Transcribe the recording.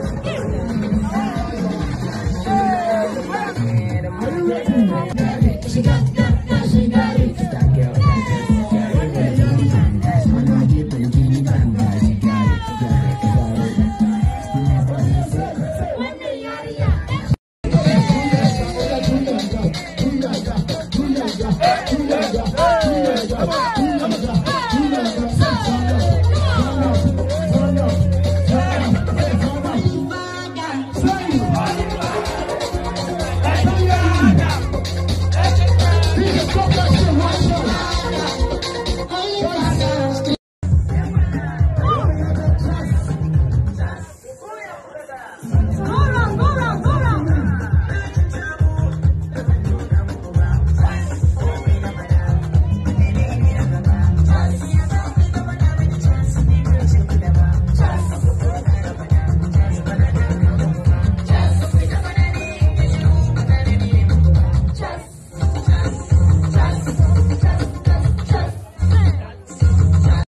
Come on. Say